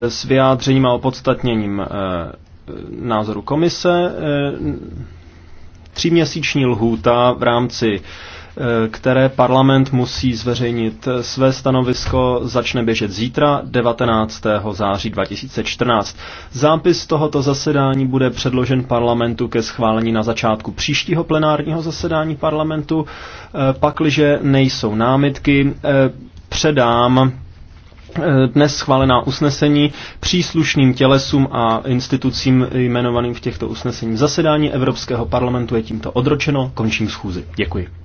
s vyjádřením a opodstatněním eh, názoru komise. Eh, tříměsíční lhůta v rámci eh, které parlament musí zveřejnit své stanovisko, začne běžet zítra 19. září 2014. Zápis tohoto zasedání bude předložen parlamentu ke schválení na začátku příštího plenárního zasedání parlamentu. Pakliže nejsou námitky, předám dnes schválená usnesení příslušným tělesům a institucím jmenovaným v těchto usnesení. Zasedání Evropského parlamentu je tímto odročeno. Končím schůzi. Děkuji.